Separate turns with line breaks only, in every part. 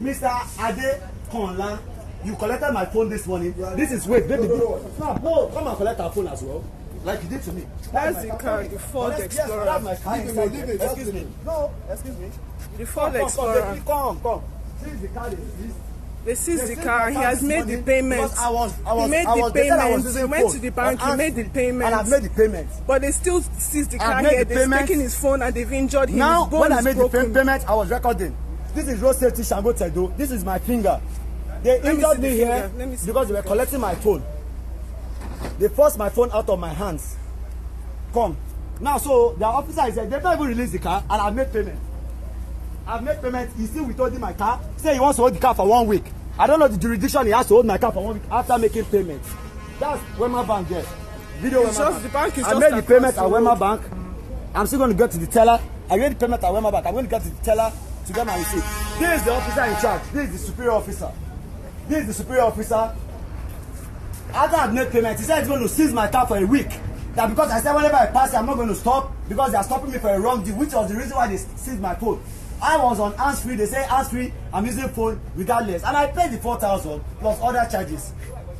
Mr. Ade you collected my phone this morning. Yeah, this is wait, baby. No, no, come and collect our phone as well. Like you did to me. That's the car, the Ford Explorer. Yes, my car. Excuse me. Excuse me. Excuse me. No, excuse me. The Ford come, Explorer. Come, come, come. Since the car is this. They seized the car. He has made the payment. I was, I was, he made I was, the payment. He went to the bank. He made the payment. And I've made the payment. But they still seized the car here. The they've taken his phone and they've injured him. Now, when I made broken. the payment, I was recording this is road safety Sango Tedo this is my finger they Let injured me, me here me because they were collecting my phone they forced my phone out of my hands come now so the officer is there they don't even release the car and i made payment i made payment he still withholding my car say he wants to hold the car for one week i don't know the jurisdiction he has to hold my car for one week after making payment that's wema bank there video wema bank. i made the payment at wema bank i'm still going to go to the teller I the payment, I went back. I'm going to get the teller to get my receipt. This is the officer in charge. This is the superior officer. This is the superior officer. After I've made payment, he said he's going to seize my car for a week. That because I said whenever I pass, I'm not going to stop because they are stopping me for a wrong deal, which was the reason why they seized my phone. I was on hands free. They say hands free. I'm using phone regardless, and I paid the four thousand plus other charges.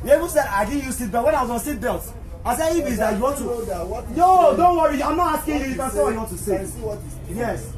They even said I didn't use seatbelt when I was on seatbelt. I said if it's that you want to. No, don't worry. I'm not asking you. You can say what you want to say. Yes.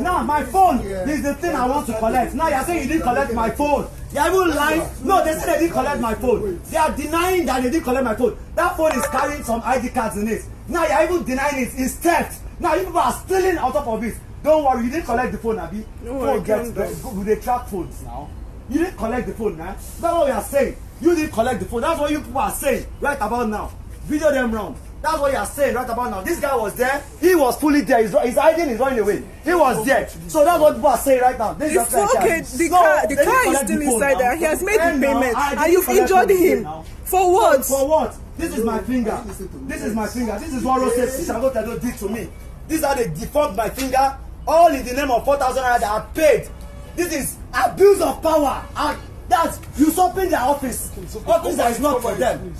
Now my phone. This is the thing I want to collect. Now you're saying you didn't collect my phone. They are even lying. No, they said they didn't collect my phone. They are denying that they didn't collect my phone. That phone is carrying some ID cards in it. Now you're even denying it. It's theft. Now you people are stealing on top of it. Don't worry, you didn't collect the phone, Abi. No, phone gets. They track phones now. You didn't collect the phone, man. That's what we are saying. You didn't collect the phone. That's what you people are saying right about now. Video them round. That's what you are saying right about now. This guy was there. He was fully there. His he's hiding. He's running away. He was there. So that's what people are saying right now. This is okay. The so car, the car is still inside now. there. He has made the payment, and you've injured him. For what? For, what? This is my finger. This is my finger. This is what Rose said. This is what Tado did to me. This is how they deformed my finger. All in the name of 4,000 naira that I paid. This is abuse of power and that usurping their office office that is not for them